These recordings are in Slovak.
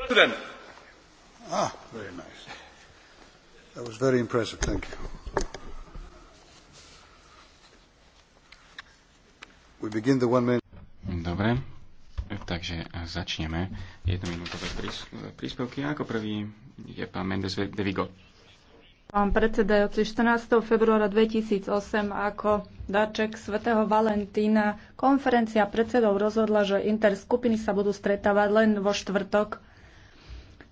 President. Ah, very nice. That was very impressive. Thank you. We begin the one minute. Dobre, takže začneme jednominútové prís- príspevky. Ako prvý je pán Mendes de Vigo. Pán predsedajúci, 14. februára 2008 ako dáček svätého Valentína konferencia predsedov rozhodla, že interskupiny sa budú stretávať len vo štvrtok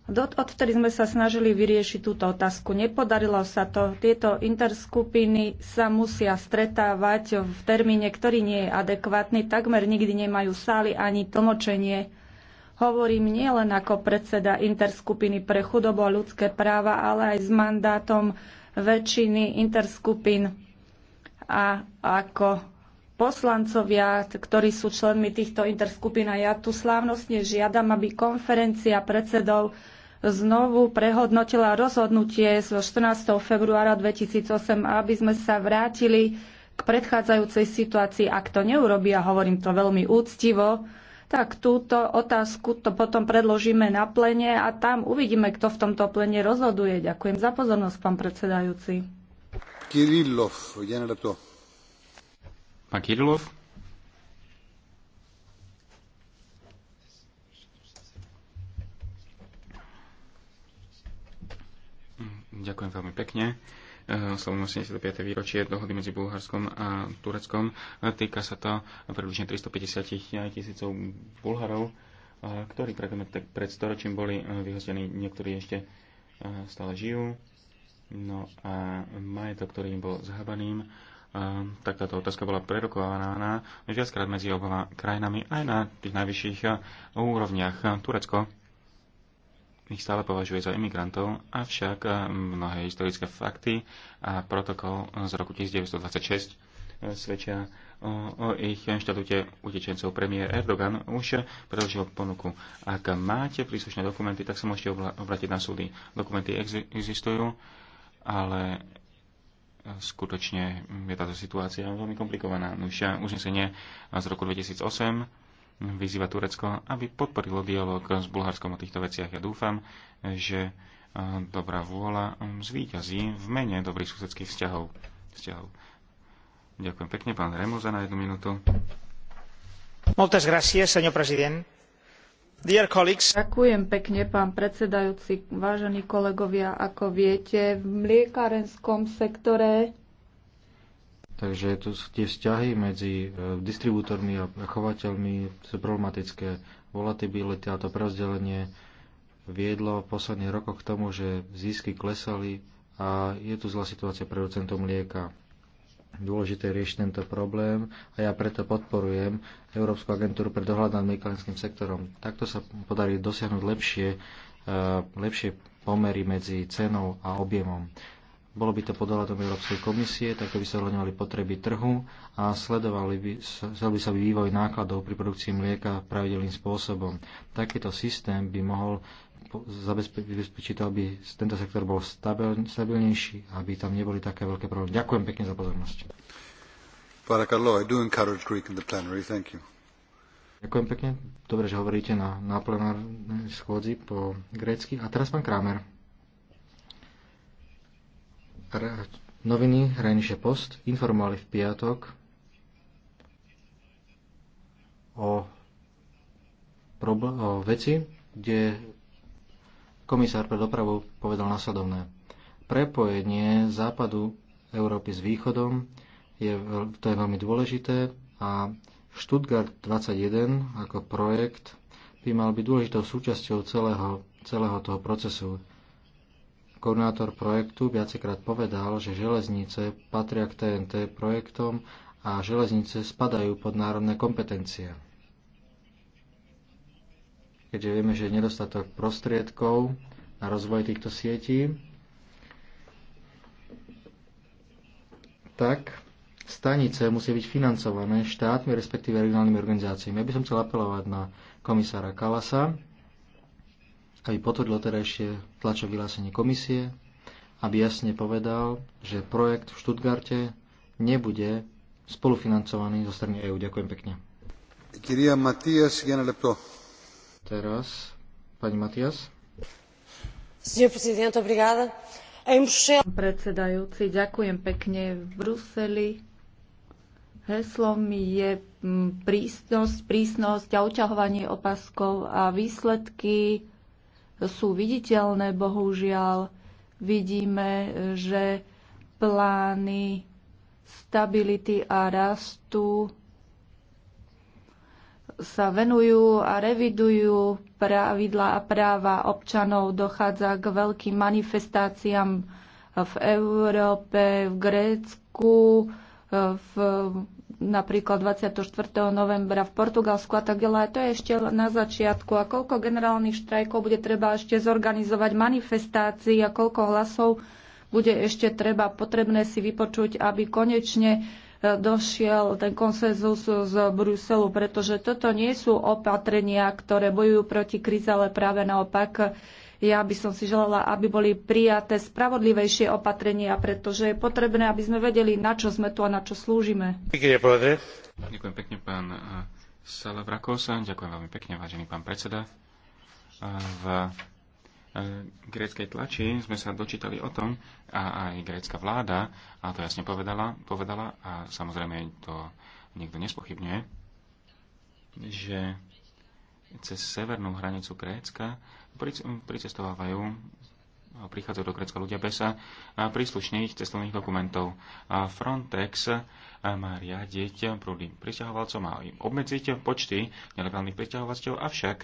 Odvtedy sme sa snažili vyriešiť túto otázku. Nepodarilo sa to. Tieto interskupiny sa musia stretávať v termíne, ktorý nie je adekvátny. Takmer nikdy nemajú sály ani tlmočenie. Hovorím nielen ako predseda interskupiny pre chudobo a ľudské práva, ale aj s mandátom väčšiny interskupín a ako poslancovia, ktorí sú členmi týchto interskupín. A ja tu slávnostne žiadam, aby konferencia predsedov znovu prehodnotila rozhodnutie zo 14. februára 2008, aby sme sa vrátili k predchádzajúcej situácii. Ak to neurobí a hovorím to veľmi úctivo, tak túto otázku to potom predložíme na plene a tam uvidíme, kto v tomto plene rozhoduje. Ďakujem za pozornosť, pán predsedajúci. Kirillov, Pán Ďakujem veľmi pekne. Eh, Slovom 85. výročie dohody medzi Bulharskom a Tureckom. Eh, týka sa to približne 350 tisícov Bulharov, eh, ktorí pred storočím boli vyhostení, niektorí ešte stále žijú. No a majetok, ktorý im bol zhabaným, tak táto otázka bola prerokovaná viackrát medzi oboma krajinami aj na tých najvyšších úrovniach. Turecko ich stále považuje za imigrantov, avšak eh, mnohé historické fakty a protokol z roku 1926 eh, svedčia o, o ich štatúte utečencov. Premiér Erdogan už predložil ponuku. Ak máte príslušné dokumenty, tak sa môžete obrátiť na súdy. Dokumenty existujú, ale eh, skutočne je táto situácia veľmi komplikovaná. Už uznesenie z roku 2008 vyzýva Turecko, aby podporilo dialog s Bulharskom o týchto veciach. Ja dúfam, že e, dobrá vôľa zvíťazí v mene dobrých susedských vzťahov. vzťahov. Ďakujem pekne, pán Remoza, na jednu minútu. Moltes gracias, señor president. Dear colleagues. Ďakujem pekne, pán predsedajúci, vážení kolegovia. Ako viete, v mliekárenskom sektore Takže to, tie vzťahy medzi e, distribútormi a chovateľmi sú problematické. Volatilita a to prerozdelenie viedlo v posledných rokoch k tomu, že zisky klesali a je tu zlá situácia pre producentov mlieka. Dôležité riešiť tento problém a ja preto podporujem Európsku agentúru pre dohľad nad mliekarským sektorom. Takto sa podarí dosiahnuť lepšie, e, lepšie pomery medzi cenou a objemom bolo by to pod hľadom Európskej komisie, tak by sa hľadňovali potreby trhu a sledovali by, sledovali by sa by vývoj nákladov pri produkcii mlieka pravidelným spôsobom. Takýto systém by mohol zabezpečiť, aby tento sektor bol stabil, stabilnejší, aby tam neboli také veľké problémy. Ďakujem pekne za pozornosť. Ďakujem pekne. Dobre, že hovoríte na, na plenárnej schôdzi po grécky. A teraz pán Kramer noviny Rheinische Post informovali v piatok o, o veci, kde komisár pre dopravu povedal nasledovné. Prepojenie západu Európy s východom je, to je veľmi dôležité a Stuttgart 21 ako projekt by mal byť dôležitou súčasťou celého, celého toho procesu. Koordinátor projektu viacekrát povedal, že železnice patria k TNT projektom a železnice spadajú pod národné kompetencie. Keďže vieme, že je nedostatok prostriedkov na rozvoj týchto sietí, tak stanice musia byť financované štátmi, respektíve regionálnymi organizáciami. Ja by som chcel apelovať na komisára Kalasa, aby potvrdil terajšie tlačové vyhlásenie komisie, aby jasne povedal, že projekt v Štutgarte nebude spolufinancovaný zo strany EÚ. Ďakujem pekne. Kyria Matias, Lepto. Teraz pani Matias. Pán predsedajúci, ďakujem pekne. V Bruseli heslom je mm, prísnosť, prísnosť a uťahovanie opaskov a výsledky sú viditeľné. Bohužiaľ vidíme, že plány stability a rastu sa venujú a revidujú pravidla a práva občanov. Dochádza k veľkým manifestáciám v Európe, v Grécku, v napríklad 24. novembra v Portugalsku a tak ďalej. To je ešte na začiatku. A koľko generálnych štrajkov bude treba ešte zorganizovať manifestácií a koľko hlasov bude ešte treba potrebné si vypočuť, aby konečne e, došiel ten konsenzus z Bruselu, pretože toto nie sú opatrenia, ktoré bojujú proti kríze, ale práve naopak ja by som si želala, aby boli prijaté spravodlivejšie opatrenia, pretože je potrebné, aby sme vedeli, na čo sme tu a na čo slúžime. Ďakujem pekne, pán eh, Salavrakosa. Ďakujem veľmi pekne, vážený pán predseda. Eh, v eh, gréckej tlači sme sa dočítali o tom, a aj grécka vláda, a to jasne povedala, povedala a samozrejme to nikto nespochybňuje, že cez severnú hranicu Grécka pricestovávajú prichádzajú do Grecka ľudia bez príslušných cestovných dokumentov. Frontex má riadiť prúdy pristahovalcov, má im obmedziť počty nelegálnych pristahovalcov, avšak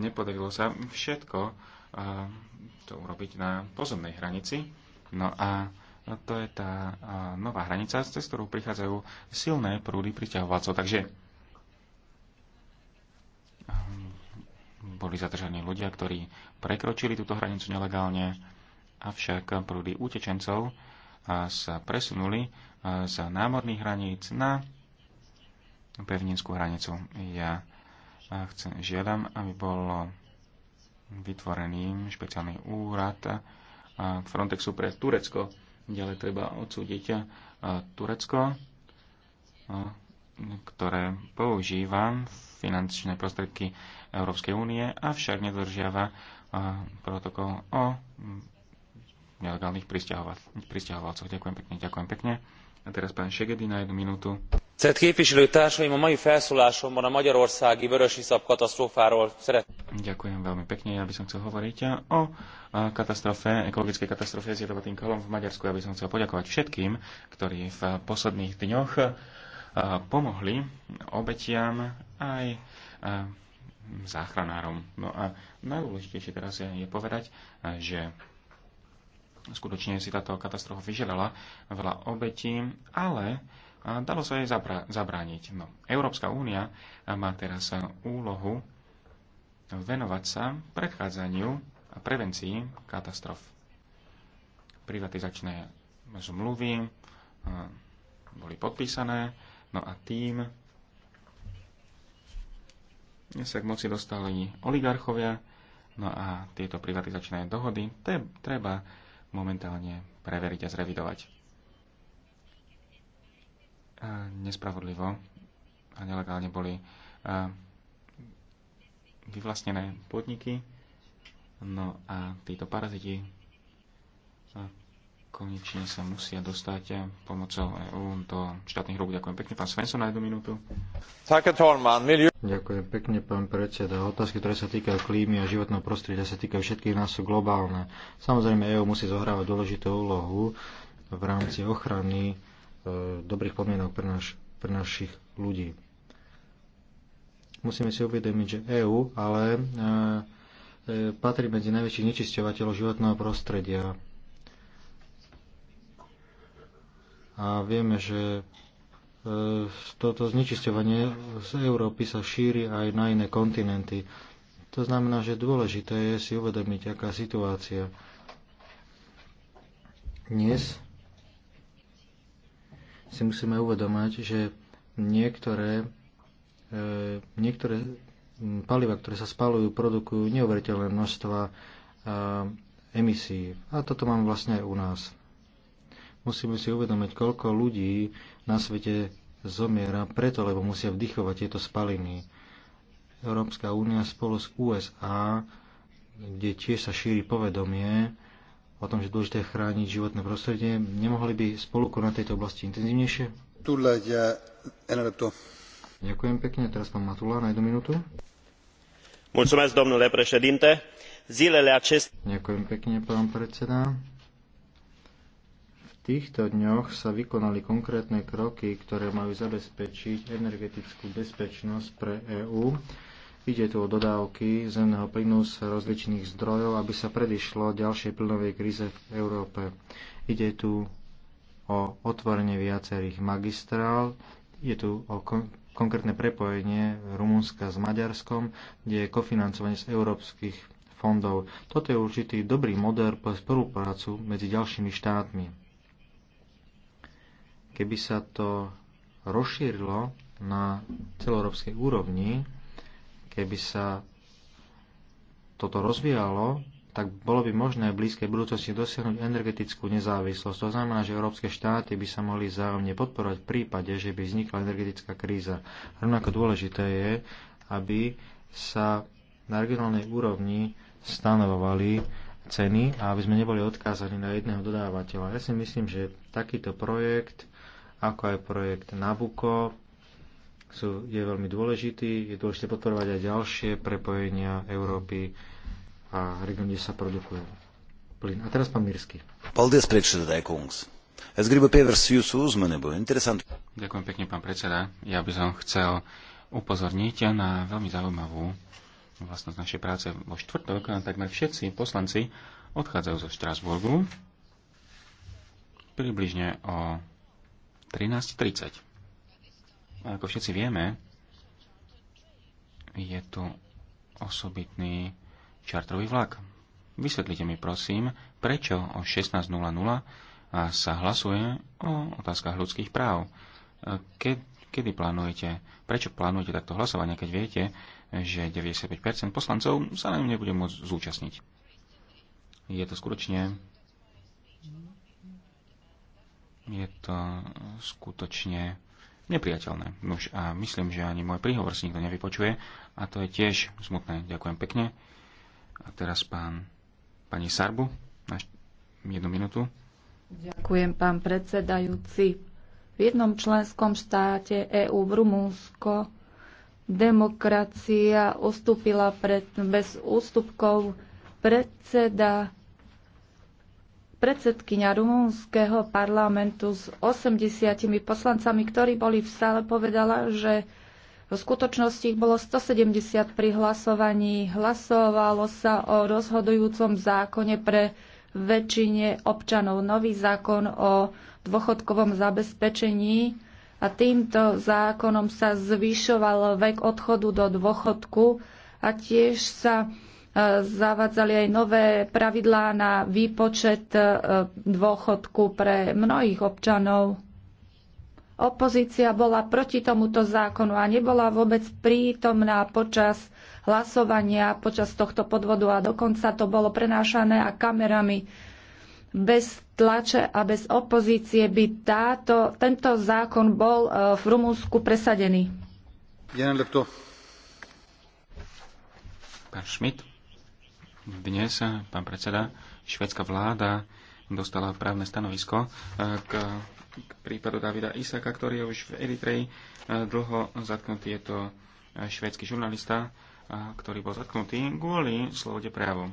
nepodarilo sa všetko to urobiť na pozemnej hranici. No a to je tá nová hranica, cez ktorú prichádzajú silné prúdy pristahovalcov. Takže boli zadržaní ľudia, ktorí prekročili túto hranicu nelegálne, avšak prúdy utečencov sa presunuli z námorných hraníc na pevninskú hranicu. Ja chcem, žiadam, aby bol vytvorený špeciálny úrad Frontexu pre Turecko. Ďalej treba odsúdiť Turecko, ktoré používa finančné prostriedky Európskej únie, avšak nedržiava eh, protokol o nelegálnych pristahovalcoch. Ďakujem pekne, ďakujem pekne. A teraz pán Šegedy na jednu minútu. képviselő társaim, a mai felszólásomban a magyarországi vörösiszap katasztrófáról szeret. Ďakujem veľmi pekne. Ja by som chcel hovoriť o katastrofe, ekologickej katastrofe s jedovatým kolom v Maďarsku. Ja by som chcel poďakovať všetkým, ktorí v posledných dňoch pomohli obetiam aj záchranárom. No a najdôležitejšie teraz je, je povedať, že skutočne si táto katastrofa vyžiadala veľa obetí, ale dalo sa jej zabra- zabrániť. No, Európska únia má teraz úlohu venovať sa predchádzaniu a prevencii katastrof. Privatizačné zmluvy boli podpísané, No a tým sa k moci dostali oligarchovia, no a tieto privatizačné dohody te, treba momentálne preveriť a zrevidovať. A nespravodlivo a nelegálne boli a, vyvlastnené podniky, no a títo paraziti konečne sa musia dostať eh, pomocou EÚ do štátnych hrúb. Ďakujem pekne, pán Svensson, na jednu minútu. Eh, Ďakujem pekne, pán predseda. Otázky, ktoré sa týkajú klímy a životného prostredia, sa týkajú všetkých nás, sú globálne. Samozrejme, EÚ musí zohrávať dôležitú úlohu v rámci ochrany e, dobrých podmienok pre, naš, pre našich ľudí. Musíme si uvedomiť, že EÚ ale e, e, patrí medzi najväčších nečisťovateľov životného prostredia a vieme, že e, toto znečisťovanie z Európy sa šíri aj na iné kontinenty. To znamená, že dôležité je si uvedomiť, aká situácia. Dnes si musíme uvedomať, že niektoré, e, niektoré paliva, ktoré sa spalujú, produkujú neuveriteľné množstva e, emisí. A toto máme vlastne aj u nás. Musíme si uvedomiť, koľko ľudí na svete zomiera preto, lebo musia vdychovať tieto spaliny. Európska únia spolu s USA, kde tiež sa šíri povedomie o tom, že dôležité chrániť životné prostredie, nemohli by spolukonať na tejto oblasti intenzívnejšie? Ďakujem pekne. Teraz pán Matula na jednu minútu. Mulțumesc, domnule președinte. Zilele Ďakujem pekne, pán predseda týchto dňoch sa vykonali konkrétne kroky, ktoré majú zabezpečiť energetickú bezpečnosť pre EÚ. Ide tu o dodávky zemného plynu z rozličných zdrojov, aby sa predišlo ďalšej plynovej kríze v Európe. Ide tu o otvorenie viacerých magistrál, je tu o kon- konkrétne prepojenie Rumunska s Maďarskom, kde je kofinancovanie z európskych fondov. Toto je určitý dobrý model pre spoluprácu medzi ďalšími štátmi. Keby sa to rozšírilo na celoeurópskej úrovni, keby sa toto rozvíjalo, tak bolo by možné v blízkej budúcnosti dosiahnuť energetickú nezávislosť. To znamená, že európske štáty by sa mohli zájomne podporovať v prípade, že by vznikla energetická kríza. Rovnako dôležité je, aby sa na regionálnej úrovni stanovovali ceny a aby sme neboli odkázaní na jedného dodávateľa. Ja si myslím, že takýto projekt ako aj projekt Nabuko. Sú, je veľmi dôležitý. Je dôležité podporovať aj ďalšie prepojenia Európy a region, kde sa produkuje plyn. A teraz pán Mirsky. Ďakujem pekne, pán predseda. Ja by som chcel upozorniť na veľmi zaujímavú vlastnosť našej práce. Vo štvrtok takmer všetci poslanci odchádzajú zo Štrasburgu približne o 13.30. A ako všetci vieme, je tu osobitný čartrový vlak. Vysvetlite mi prosím, prečo o 16.00 sa hlasuje o otázkach ľudských práv. Ke, kedy plánujete, prečo plánujete takto hlasovanie, keď viete, že 95% poslancov sa na ňom nebude môcť zúčastniť? Je to skutočne je to skutočne nepriateľné. Nuž a myslím, že ani môj príhovor si nikto nevypočuje a to je tiež smutné. Ďakujem pekne. A teraz pán, pani Sarbu na jednu minútu. Ďakujem, pán predsedajúci. V jednom členskom štáte EÚ v Rumúnsko demokracia ustúpila pred, bez ústupkov. Predseda Predsedkyňa rumúnskeho parlamentu s 80 poslancami, ktorí boli v sále, povedala, že v skutočnosti ich bolo 170 pri hlasovaní. Hlasovalo sa o rozhodujúcom zákone pre väčšine občanov nový zákon o dôchodkovom zabezpečení a týmto zákonom sa zvyšoval vek odchodu do dôchodku a tiež sa zavádzali aj nové pravidlá na výpočet e, dôchodku pre mnohých občanov. Opozícia bola proti tomuto zákonu a nebola vôbec prítomná počas hlasovania, počas tohto podvodu a dokonca to bolo prenášané a kamerami. Bez tlače a bez opozície by táto, tento zákon bol e, v Rumúnsku presadený. Pán Schmidt. Dnes, eh, pán predseda, švedská vláda dostala právne stanovisko eh, k, k prípadu Davida Isaka, ktorý je už v Eritreji eh, dlho zatknutý. Je to švédsky žurnalista, ktorý bol zatknutý kvôli slobode právo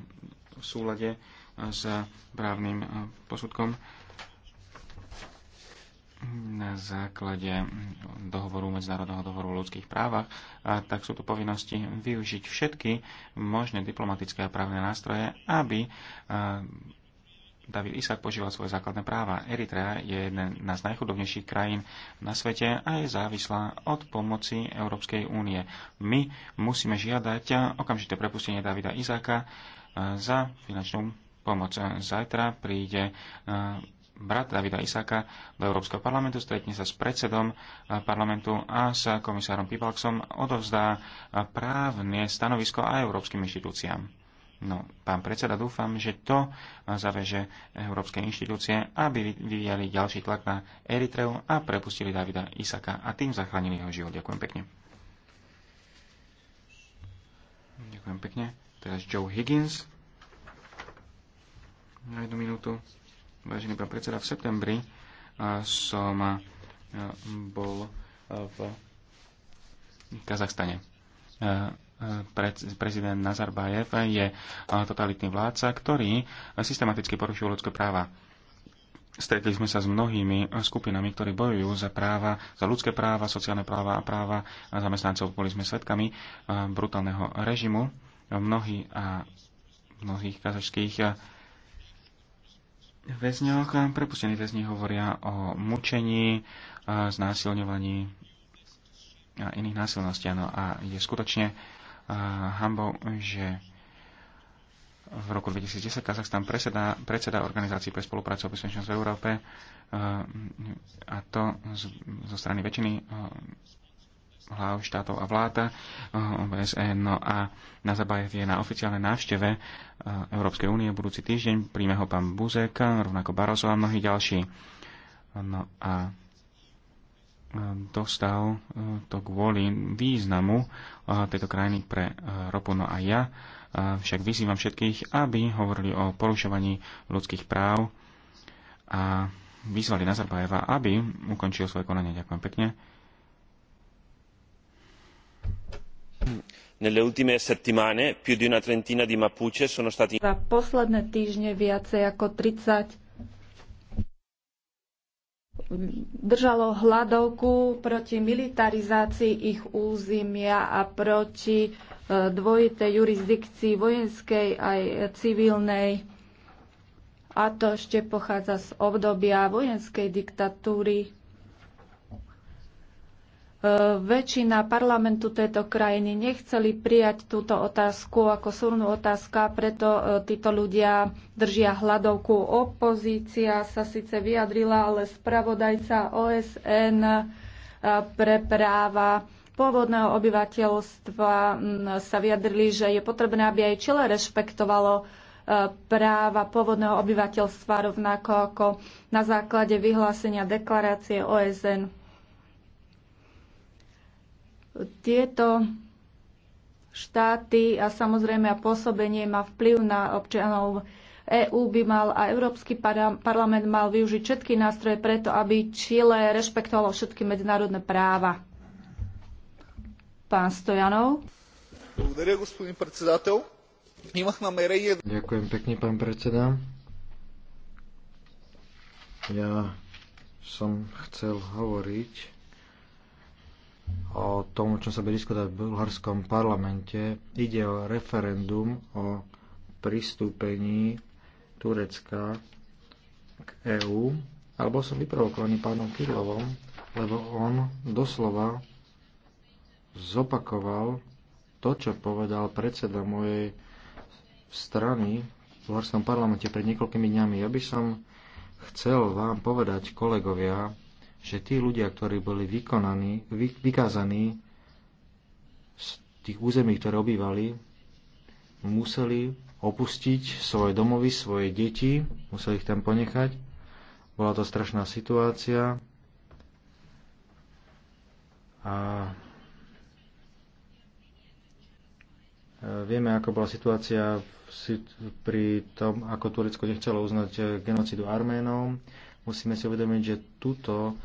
v súlade s právnym posudkom na základe dohovoru Medzinárodného dohovoru o ľudských právach, a tak sú tu povinnosti využiť všetky možné diplomatické a právne nástroje, aby David Isak požíval svoje základné práva. Eritrea je jedna z najchudobnejších krajín na svete a je závislá od pomoci Európskej únie. My musíme žiadať okamžité prepustenie Davida Izaka za finančnú pomoc. Zajtra príde brat Davida Isaka do Európskeho parlamentu, stretne sa s predsedom eh, parlamentu a s komisárom Pipalksom odovzdá eh, právne stanovisko aj európskym inštitúciám. No, pán predseda, dúfam, že to eh, zaveže európske inštitúcie, aby vyvíjali ďalší tlak na Eritreu a prepustili Davida Isaka a tým zachránili jeho život. Ďakujem pekne. Ďakujem pekne. Teraz Joe Higgins. Na jednu minútu. Vážený pán predseda, v septembri som bol v Kazachstane. Prezident Nazarbájev je totalitný vládca, ktorý systematicky porušuje ľudské práva. Stretli sme sa s mnohými skupinami, ktorí bojujú za práva, za ľudské práva, sociálne práva a práva zamestnancov. Boli sme svetkami brutálneho režimu. Mnohí a mnohých kazačských väzňoch. Prepustení väzni hovoria o mučení, e, znásilňovaní a iných násilností. No a je skutočne e, hambou, že v roku 2010 Kazachstan predseda, predseda Organizácii pre spoluprácu a bezpečnosť v Európe e, a to zo strany väčšiny hlav štátov a vláda eh, OBSN. E, no a na Nazarbayev je na oficiálnej návšteve eh, Európskej únie budúci týždeň. Príjme ho pán Buzek, rovnako Barroso a mnohí ďalší. No a eh, dostal to kvôli významu tejto krajiny pre ropu. No a ja však vyzývam všetkých, aby hovorili o porušovaní ľudských práv a vyzvali Nazarbajeva, aby ukončil svoje konanie. Ďakujem pekne. Nelle ultime settimane più di una trentina di Mapuche sono stati... Za posledné týždne viacej ako 30 držalo hladovku proti militarizácii ich územia a proti e, dvojitej jurisdikcii vojenskej aj civilnej. A to ešte pochádza z obdobia vojenskej diktatúry. E, väčšina parlamentu tejto krajiny nechceli prijať túto otázku ako súrnu otázka, preto e, títo ľudia držia hladovku. Opozícia sa síce vyjadrila, ale spravodajca OSN e, pre práva pôvodného obyvateľstva sa vyjadrili, že je potrebné, aby aj Čile rešpektovalo práva pôvodného obyvateľstva rovnako ako na základe vyhlásenia deklarácie OSN tieto štáty a samozrejme a pôsobenie má vplyv na občanov EÚ by mal a Európsky parlament mal využiť všetky nástroje preto, aby Čile rešpektovalo všetky medzinárodné práva. Pán Stojanov. Ďakujem pekne, pán predseda. Ja som chcel hovoriť o tom, čo sa bude diskutovať v bulharskom parlamente. Ide o referendum o pristúpení Turecka k EÚ, alebo som vyprovokovaný pánom Kirlovom, lebo on doslova zopakoval to, čo povedal predseda mojej strany v Bulharskom parlamente pred niekoľkými dňami. Ja by som chcel vám povedať, kolegovia, že tí ľudia, ktorí boli vykonaní, vy, vykázaní z tých území, ktoré obývali, museli opustiť svoje domovy, svoje deti, museli ich tam ponechať. Bola to strašná situácia. A e, vieme, ako bola situácia pri tom, ako Turecko nechcelo uznať genocidu Arménov. Musíme si uvedomiť, že tuto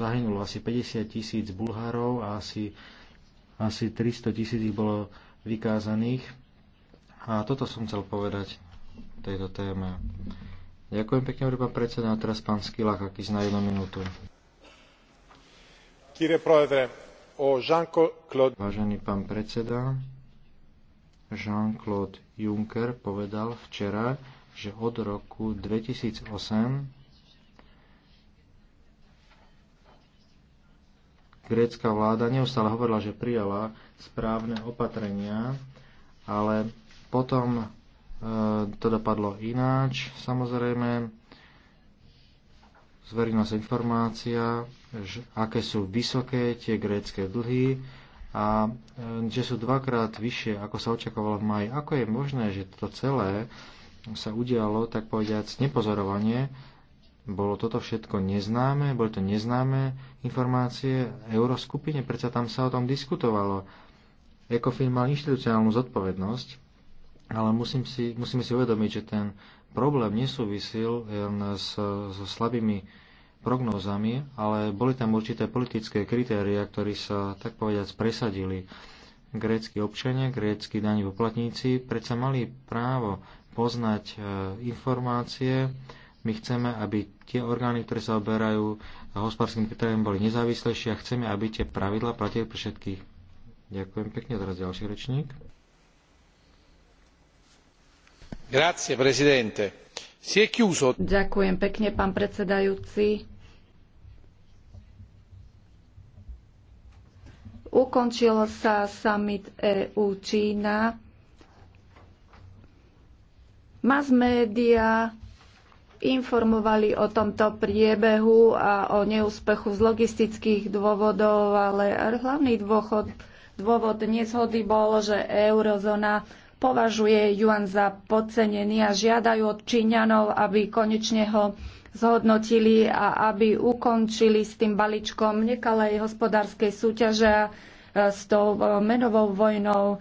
zahynulo asi 50 tisíc Bulhárov a asi, asi 300 tisíc ich bolo vykázaných. A toto som chcel povedať tejto téme. Ďakujem pekne, hovorí pán predseda. A teraz pán Skilák, aký na jednu minútu. Vážený pán predseda, Jean-Claude Juncker povedal včera, že od roku 2008 grécka vláda neustále hovorila, že prijala správne opatrenia, ale potom e, to dopadlo ináč. Samozrejme, zverila sa informácia, že, aké sú vysoké tie grécké dlhy a e, že sú dvakrát vyššie, ako sa očakávalo v maji. Ako je možné, že to celé sa udialo, tak povediať, nepozorovanie bolo toto všetko neznáme, boli to neznáme informácie Euroskupine, predsa tam sa o tom diskutovalo. Ecofin mal inštitucionálnu zodpovednosť, ale musím si, musíme si uvedomiť, že ten problém nesúvisil len s, so slabými prognózami, ale boli tam určité politické kritéria, ktorí sa, tak povediac, presadili. Grécky občania, grécky daní poplatníci predsa mali právo poznať e, informácie, my chceme, aby tie orgány, ktoré sa oberajú hospodárskym kritériom, boli nezávislejšie a chceme, aby tie pravidla platili pre všetkých. Ďakujem pekne. Teraz ďalší rečník. Grazie, presidente. Si chiuso. Ďakujem pekne, pán predsedajúci. Ukončil sa summit EU-Čína. Mass média informovali o tomto priebehu a o neúspechu z logistických dôvodov, ale hlavný dôvod, dôvod nezhody bol, že eurozóna považuje juan za podcenený a žiadajú od Číňanov, aby konečne ho zhodnotili a aby ukončili s tým balíčkom nekalej hospodárskej súťaže a e, s tou e, menovou vojnou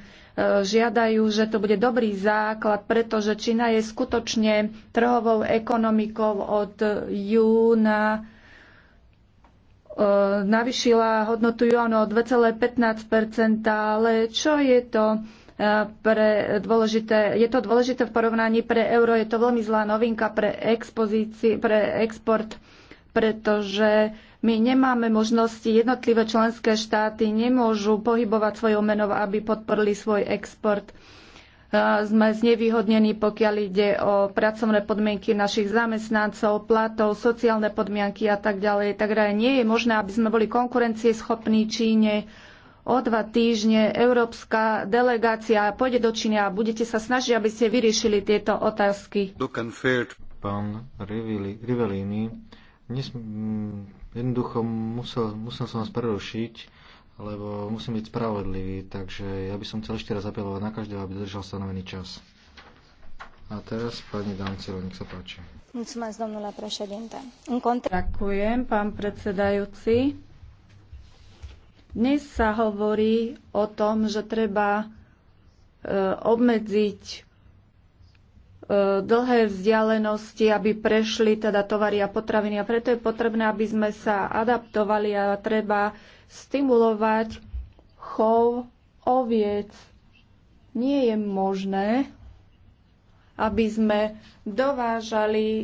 žiadajú, že to bude dobrý základ, pretože Čína je skutočne trhovou ekonomikou od júna e, navyšila hodnotu juanu o 2,15 ale čo je to e, pre dôležité, je to dôležité v porovnaní pre euro, je to veľmi zlá novinka pre, pre export, pretože my nemáme možnosti, jednotlivé členské štáty nemôžu pohybovať svojou menou, aby podporili svoj export. Sme znevýhodnení, pokiaľ ide o pracovné podmienky našich zamestnancov, platov, sociálne podmienky a tak ďalej. Takže nie je možné, aby sme boli konkurencieschopní Číne. O dva týždne európska delegácia pôjde do Číny a budete sa snažiť, aby ste vyriešili tieto otázky. Pán Rivellini, Jednoducho musel, musel som vás prerušiť, lebo musím byť spravodlivý, takže ja by som chcel ešte raz apelovať na každého, aby držal stanovený čas. A teraz pani Dancero, nech sa páči. Ďakujem, pán predsedajúci. Dnes sa hovorí o tom, že treba e, obmedziť E, dlhé vzdialenosti, aby prešli teda tovary a potraviny. A preto je potrebné, aby sme sa adaptovali a treba stimulovať chov oviec. Nie je možné, aby sme dovážali e, e,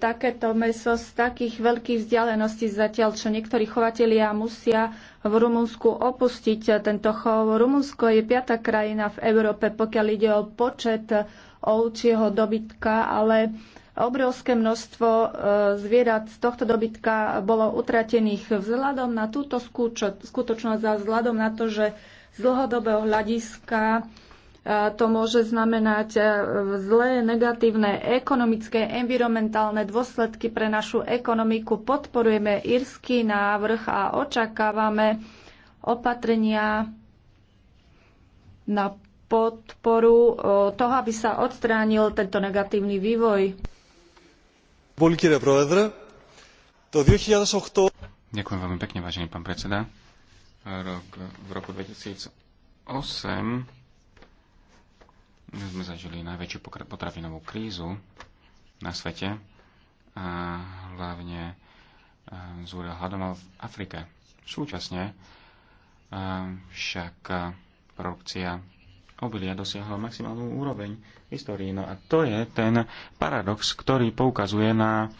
takéto meso z takých veľkých vzdialeností zatiaľ, čo niektorí chovatelia musia v Rumunsku opustiť tento chov. Rumunsko je piata krajina v Európe, pokiaľ ide o počet ovčieho dobytka, ale obrovské množstvo e, zvierat z tohto dobytka bolo utratených vzhľadom na túto skutočnosť a vzhľadom na to, že z dlhodobého hľadiska e, to môže znamenať e, zlé negatívne ekonomické, environmentálne dôsledky pre našu ekonomiku. Podporujeme írsky návrh a očakávame opatrenia na podporu toho, aby sa odstránil tento negatívny vývoj. Ďakujem veľmi pekne, vážený pán predseda. Rok, v roku 2008 sme zažili najväčšiu potravinovú krízu na svete a hlavne zúrel hladomor v Afrike. Súčasne však produkcia obilia dosiahla maximálnu úroveň histórii. No a to je ten paradox, ktorý poukazuje na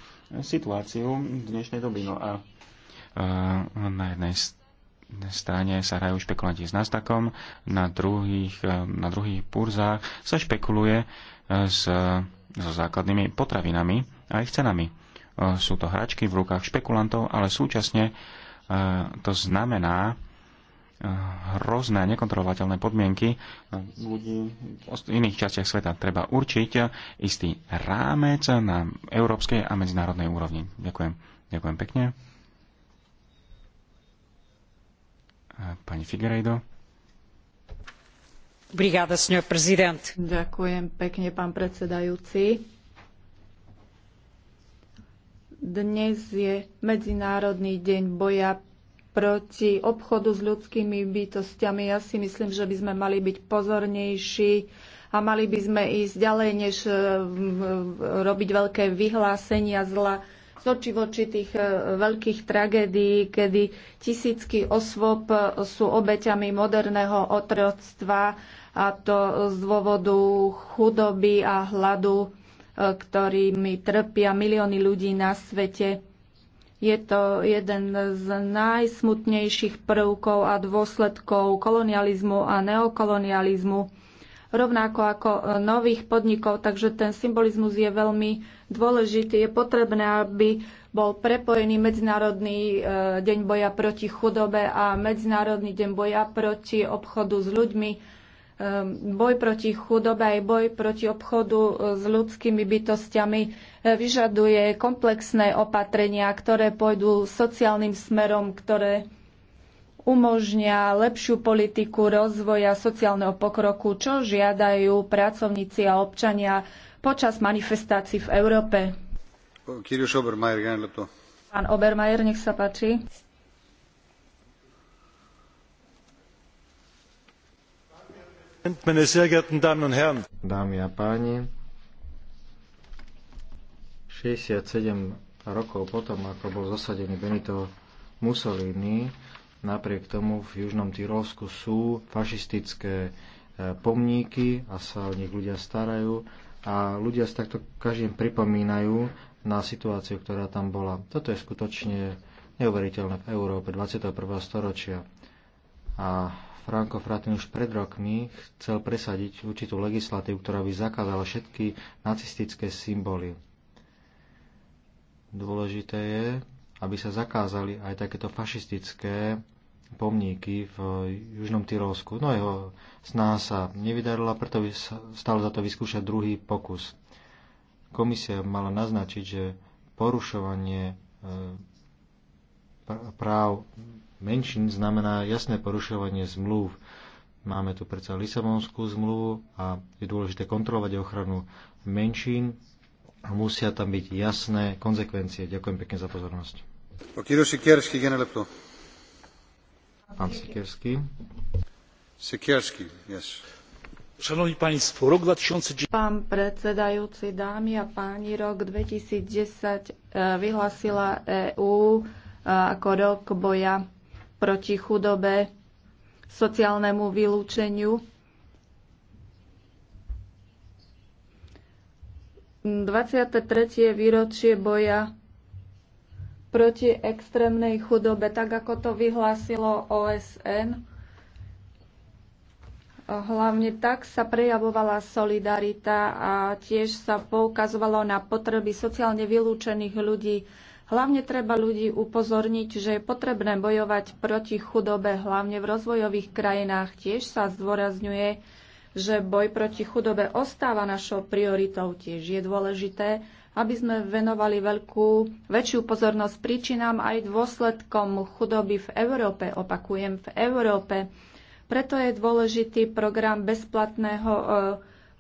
situáciu dnešnej doby. No a e, na jednej strane sa hrajú špekulanti s Nasdaqom, na druhých, e, na druhých burzách sa špekuluje e, s, so základnými potravinami a ich cenami. Sú to hračky v rukách špekulantov, ale súčasne to znamená, hrozné, nekontrolovateľné podmienky eh, ľudí v iných častiach sveta. Treba určiť istý rámec na európskej a medzinárodnej úrovni. Ďakujem. Ďakujem pekne. Pani Figueiredo. Brigáda, senior prezident. Ďakujem pekne, pán predsedajúci. Dnes je Medzinárodný deň boja proti obchodu s ľudskými bytostiami. Ja si myslím, že by sme mali byť pozornejší a mali by sme ísť ďalej, než e, robiť veľké vyhlásenia zla z voči tých e, veľkých tragédií, kedy tisícky osôb e, sú obeťami moderného otroctva a to z dôvodu chudoby a hladu, ktorými trpia milióny ľudí na svete. Je to jeden z najsmutnejších prvkov a dôsledkov kolonializmu a neokolonializmu, rovnako ako nových podnikov, takže ten symbolizmus je veľmi dôležitý. Je potrebné, aby bol prepojený Medzinárodný e, deň boja proti chudobe a Medzinárodný deň boja proti obchodu s ľuďmi Ehm, boj proti chudobe aj boj proti obchodu e, s ľudskými bytostiami e, vyžaduje komplexné opatrenia, ktoré pôjdu sociálnym smerom, ktoré umožnia lepšiu politiku rozvoja sociálneho pokroku, čo žiadajú pracovníci a občania počas manifestácií v Európe. Pán Obermajer, nech sa páči. Meine sehr geehrten Damen und Herren. Dámy a páni, 67 rokov potom, ako bol zasadený Benito Mussolini, napriek tomu v Južnom Tyrolsku sú fašistické e, pomníky a sa o nich ľudia starajú a ľudia sa takto každým pripomínajú na situáciu, ktorá tam bola. Toto je skutočne neuveriteľné v Európe 21. storočia. A Franco Fratin už pred rokmi chcel presadiť určitú legislatívu, ktorá by zakázala všetky nacistické symboly. Dôležité je, aby sa zakázali aj takéto fašistické pomníky v Južnom Tyrolsku. No jeho snaha sa nevydarila, preto stalo za to vyskúšať druhý pokus. Komisia mala naznačiť, že porušovanie e, práv menšín znamená jasné porušovanie zmluv. Máme tu predsa Lisabonskú zmluvu a je dôležité kontrolovať ochranu menšín. Musia tam byť jasné konzekvencie. Ďakujem pekne za pozornosť. Pán Sikersky. Sikersky, yes. Szanowni Państwo, rok 2010... Pán predsedajúci, dámy a páni, rok 2010 vyhlasila EÚ ako rok boja proti chudobe, sociálnemu vylúčeniu. 23. výročie boja proti extrémnej chudobe, tak ako to vyhlásilo OSN Hlavne tak sa prejavovala solidarita a tiež sa poukazovalo na potreby sociálne vylúčených ľudí. Hlavne treba ľudí upozorniť, že je potrebné bojovať proti chudobe, hlavne v rozvojových krajinách. Tiež sa zdôrazňuje, že boj proti chudobe ostáva našou prioritou. Tiež je dôležité, aby sme venovali veľkú, väčšiu pozornosť príčinám aj dôsledkom chudoby v Európe. Opakujem, v Európe preto je dôležitý program bezplatného e,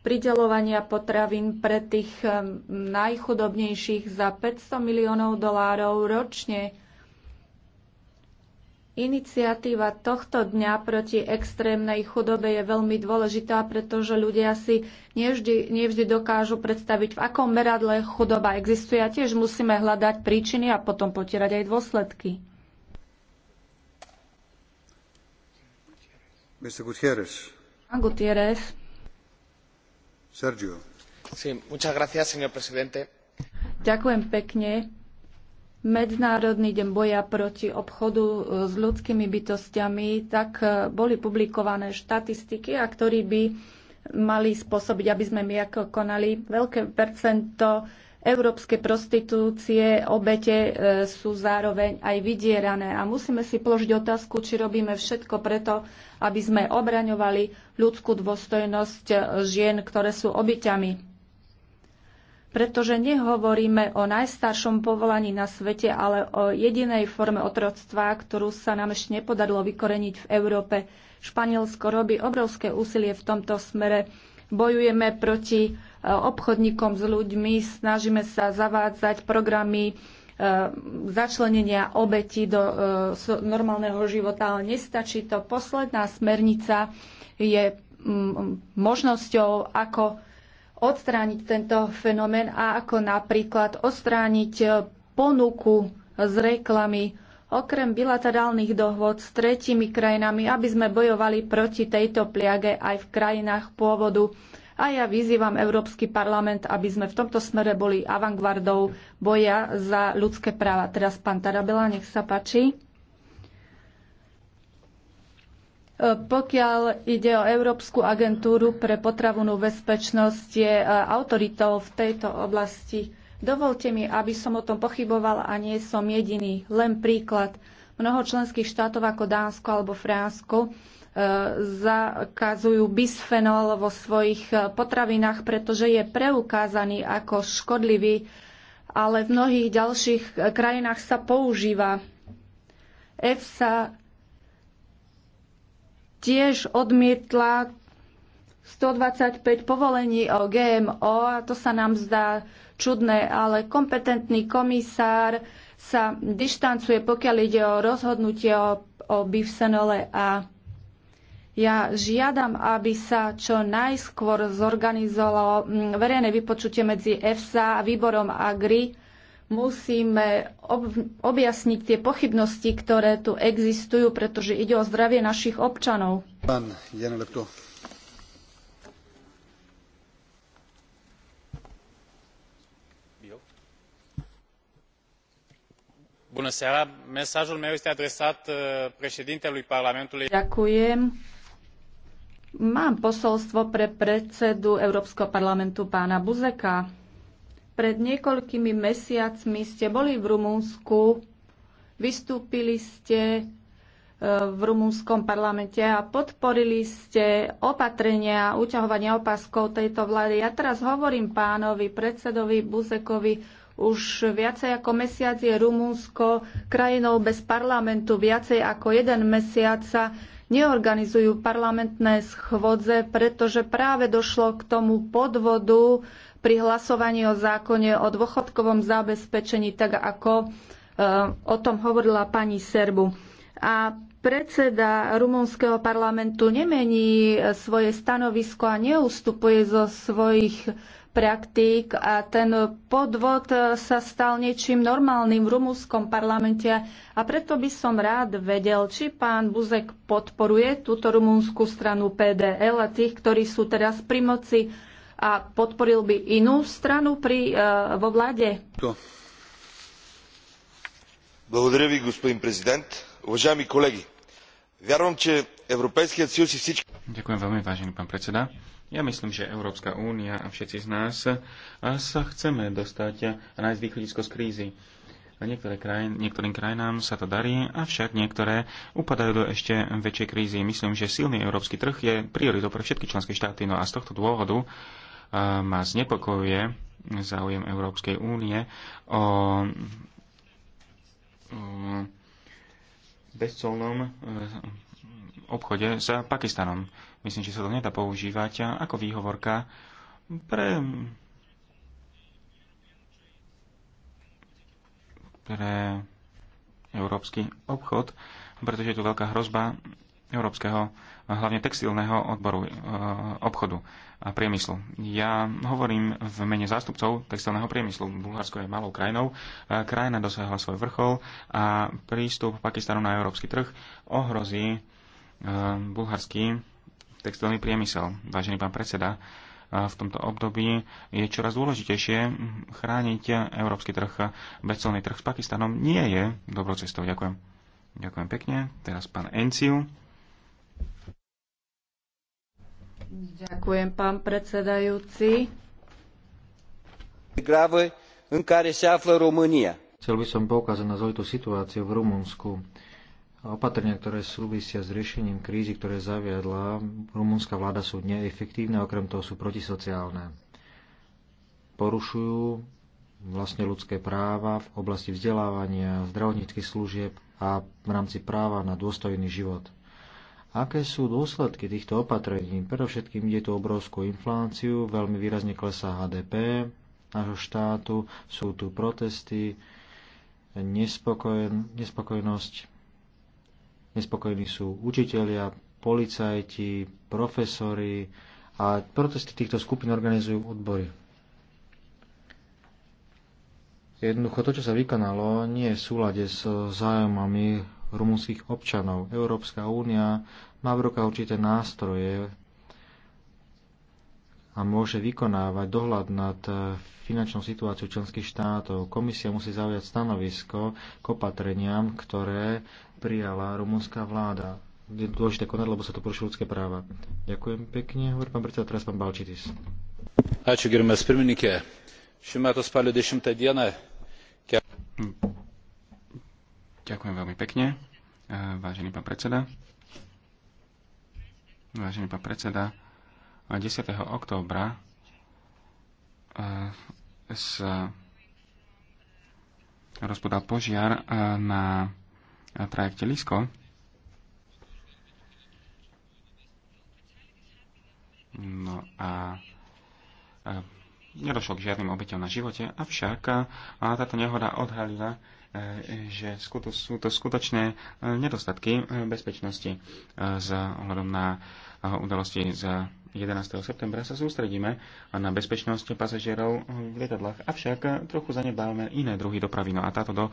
pridelovania potravín pre tých e, najchudobnejších za 500 miliónov dolárov ročne. Iniciatíva tohto dňa proti extrémnej chudobe je veľmi dôležitá, pretože ľudia si nevždy, nevždy dokážu predstaviť, v akom meradle chudoba existuje a tiež musíme hľadať príčiny a potom potierať aj dôsledky. señor presidente. Ďakujem pekne. Medzinárodný deň boja proti obchodu eh, s ľudskými bytostiami, tak eh, boli publikované štatistiky, a ktorí by mali spôsobiť, aby sme my ako konali veľké percento Európske prostitúcie, obete e, sú zároveň aj vydierané a musíme si položiť otázku, či robíme všetko preto, aby sme obraňovali ľudskú dôstojnosť e, žien, ktoré sú obyťami. Pretože nehovoríme o najstaršom povolaní na svete, ale o jedinej forme otroctva, ktorú sa nám ešte nepodarilo vykoreniť v Európe. Španielsko robí obrovské úsilie v tomto smere. Bojujeme proti obchodníkom s ľuďmi, snažíme sa zavádzať programy e, začlenenia obeti do e, normálneho života, ale nestačí to. Posledná smernica je mm, možnosťou, ako odstrániť tento fenomén a ako napríklad odstrániť e, ponuku z reklamy okrem bilaterálnych dohôd s tretími krajinami, aby sme bojovali proti tejto pliage aj v krajinách pôvodu. A ja vyzývam Európsky parlament, aby sme v tomto smere boli avangvardou boja za ľudské práva. Teraz pán Tarabela, nech sa páči. E, pokiaľ ide o Európsku agentúru pre potravnú bezpečnosť, je e, autoritou v tejto oblasti. Dovolte mi, aby som o tom pochyboval a nie som jediný. Len príklad. Mnoho členských štátov ako Dánsko alebo Fránsko e, zakazujú bisfenol vo svojich e, potravinách, pretože je preukázaný ako škodlivý, ale v mnohých ďalších e, krajinách sa používa. EFSA tiež odmietla 125 povolení o GMO a to sa nám zdá čudné, ale kompetentný komisár sa dištancuje, pokiaľ ide o rozhodnutie o, o Bifsenole a ja žiadam, aby sa čo najskôr zorganizovalo mm, verejné vypočutie medzi EFSA a výborom AGRI. Musíme objasniť tie pochybnosti, ktoré tu existujú, pretože ide o zdravie našich občanov. Pán Jan Lepto. mesajul meu este adresat uh, parlamentului. Ďakujem. Mám posolstvo pre predsedu Európskeho parlamentu pána Buzeka. Pred niekoľkými mesiacmi ste boli v Rumunsku, vystúpili ste uh, v Rumunskom parlamente a podporili ste opatrenia, uťahovania opaskov tejto vlády. Ja teraz hovorím pánovi predsedovi Buzekovi už viacej ako mesiac je Rumunsko krajinou bez parlamentu. Viacej ako jeden mesiac sa neorganizujú parlamentné schôdze, pretože práve došlo k tomu podvodu pri hlasovaní o zákone o dôchodkovom zabezpečení, tak ako e, o tom hovorila pani Serbu. A predseda Rumúnskeho parlamentu nemení e, svoje stanovisko a neustupuje zo svojich praktík a ten podvod sa stal niečím normálnym v rumúnskom parlamente a preto by som rád vedel, či pán Buzek podporuje túto rumúnsku stranu PDL a tých, ktorí sú teraz pri moci a podporil by inú stranu pri, eh, vo vláde. Благодаря ви, господин президент. Уважаеми колеги, вярвам, че Европейският съюз и всички... Ďakujem veľmi, vážený pán predseda. Ja myslím, že Európska únia a všetci z nás sa chceme dostať a nájsť východisko z krízy. Niektoré krajin, niektorým krajinám sa to darí, avšak niektoré upadajú do ešte väčšej krízy. Myslím, že silný európsky trh je prioritou pre všetky členské štáty. No a z tohto dôvodu ma znepokojuje záujem Európskej únie o, bezcolnom e, obchode s Pakistanom. Myslím, že sa to nedá používať ako výhovorka pre, pre európsky obchod, pretože je tu veľká hrozba európskeho, hlavne textilného odboru e, obchodu a priemyslu. Ja hovorím v mene zástupcov textilného priemyslu. Bulharsko je malou krajinou. E, krajina dosiahla svoj vrchol a prístup Pakistanu na európsky trh ohrozí Ehm, bulharský textilný priemysel. Vážený pán predseda, ehm, v tomto období je čoraz dôležitejšie chrániť európsky trh. Bezcelný trh s Pakistanom nie je dobrou cestou. Ďakujem. Ďakujem pekne. Teraz pán Enciu. Ďakujem, pán predsedajúci. Grave, Chcel by som poukázať na zložitú situáciu v Rumunsku Opatrenia, ktoré súvisia s riešením krízy, ktoré zaviadla rumúnska vláda, sú neefektívne, okrem toho sú protisociálne. Porušujú vlastne ľudské práva v oblasti vzdelávania, zdravotníckých služieb a v rámci práva na dôstojný život. Aké sú dôsledky týchto opatrení? Predovšetkým ide tu obrovskú infláciu, veľmi výrazne klesá HDP nášho štátu, sú tu protesty, nespokojen, nespokojnosť Nespokojní sú učitelia, policajti, profesori a protesty týchto skupín organizujú odbory. Jednoducho to, čo sa vykonalo, nie je v súlade s zájomami rumúnskych občanov. Európska únia má v rukách určité nástroje a môže vykonávať dohľad nad e, finančnou situáciou členských štátov. Komisia musí zaujať stanovisko k opatreniam, ktoré prijala rumunská vláda. Je dôležité konať, lebo sa to porušujú ľudské práva. Ďakujem pekne. Hovorí pán predseda, teraz pán Balčitis. Ačiū, gerbiamas pirmininkė. spalio 10 dieną. Ďakujem veľmi pekne, e, vážený pán predseda. Vážený pán predseda, 10. októbra e, sa rozpodal požiar e, na trajekte Lisko. No a e, nedošlo k žiadnym obeťom na živote, avšak táto nehoda odhalila, že sú to skutočné nedostatky bezpečnosti z ohľadom na udalosti z 11. septembra sa sústredíme na bezpečnosť pasažierov v lietadlách, avšak trochu zanedbávame iné druhy dopravy. No a táto, do,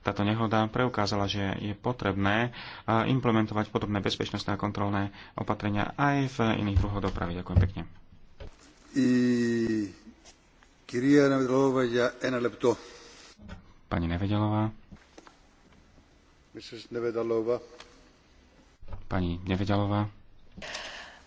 táto nehoda preukázala, že je potrebné implementovať podobné bezpečnostné a kontrolné opatrenia aj v iných druhoch dopravy. Ďakujem pekne. Pani Nevedelová. Pani Nevedelová.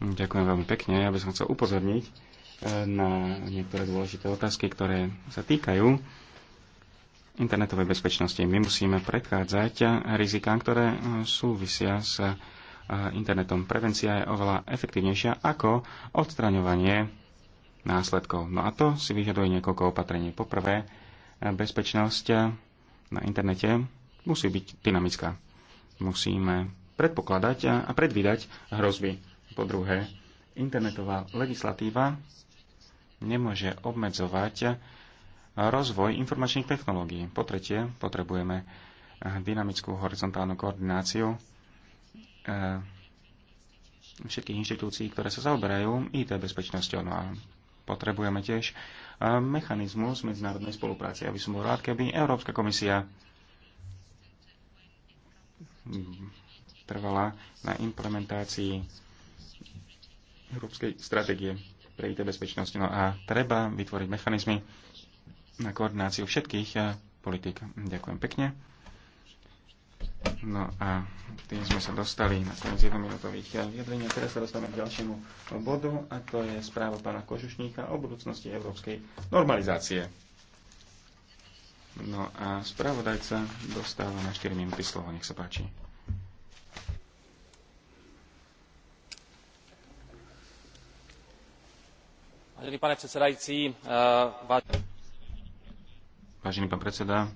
Ďakujem veľmi pekne. Ja by som chcel upozorniť e, na niektoré dôležité otázky, ktoré sa týkajú internetovej bezpečnosti. My musíme predchádzať rizikám, ktoré e, súvisia s e, internetom. Prevencia je oveľa efektívnejšia ako odstraňovanie následkov. No a to si vyžaduje niekoľko opatrení. Poprvé, bezpečnosť na internete musí byť dynamická. Musíme predpokladať a predvídať hrozby po druhé, internetová legislatíva nemôže obmedzovať rozvoj informačných technológií. Po tretie, potrebujeme eh, dynamickú horizontálnu koordináciu eh, všetkých inštitúcií, ktoré sa zaoberajú IT bezpečnosťou. No a potrebujeme tiež eh, mechanizmus medzinárodnej spolupráce. aby som bol rád, keby Európska komisia mm, trvala na implementácii európskej stratégie pre IT bezpečnosť. No a treba vytvoriť mechanizmy na koordináciu všetkých eh, politik. Ďakujem pekne. No a tým sme sa dostali na koniec jednominútových eh, vyjadrení. Teraz sa dostávame k ďalšiemu bodu a to je správa pána Kožušníka o budúcnosti európskej normalizácie. No a spravodajca dostáva na 4 minúty slovo. Nech sa páči. Vážený pane predsedajúci, eh, vážený pán predseda,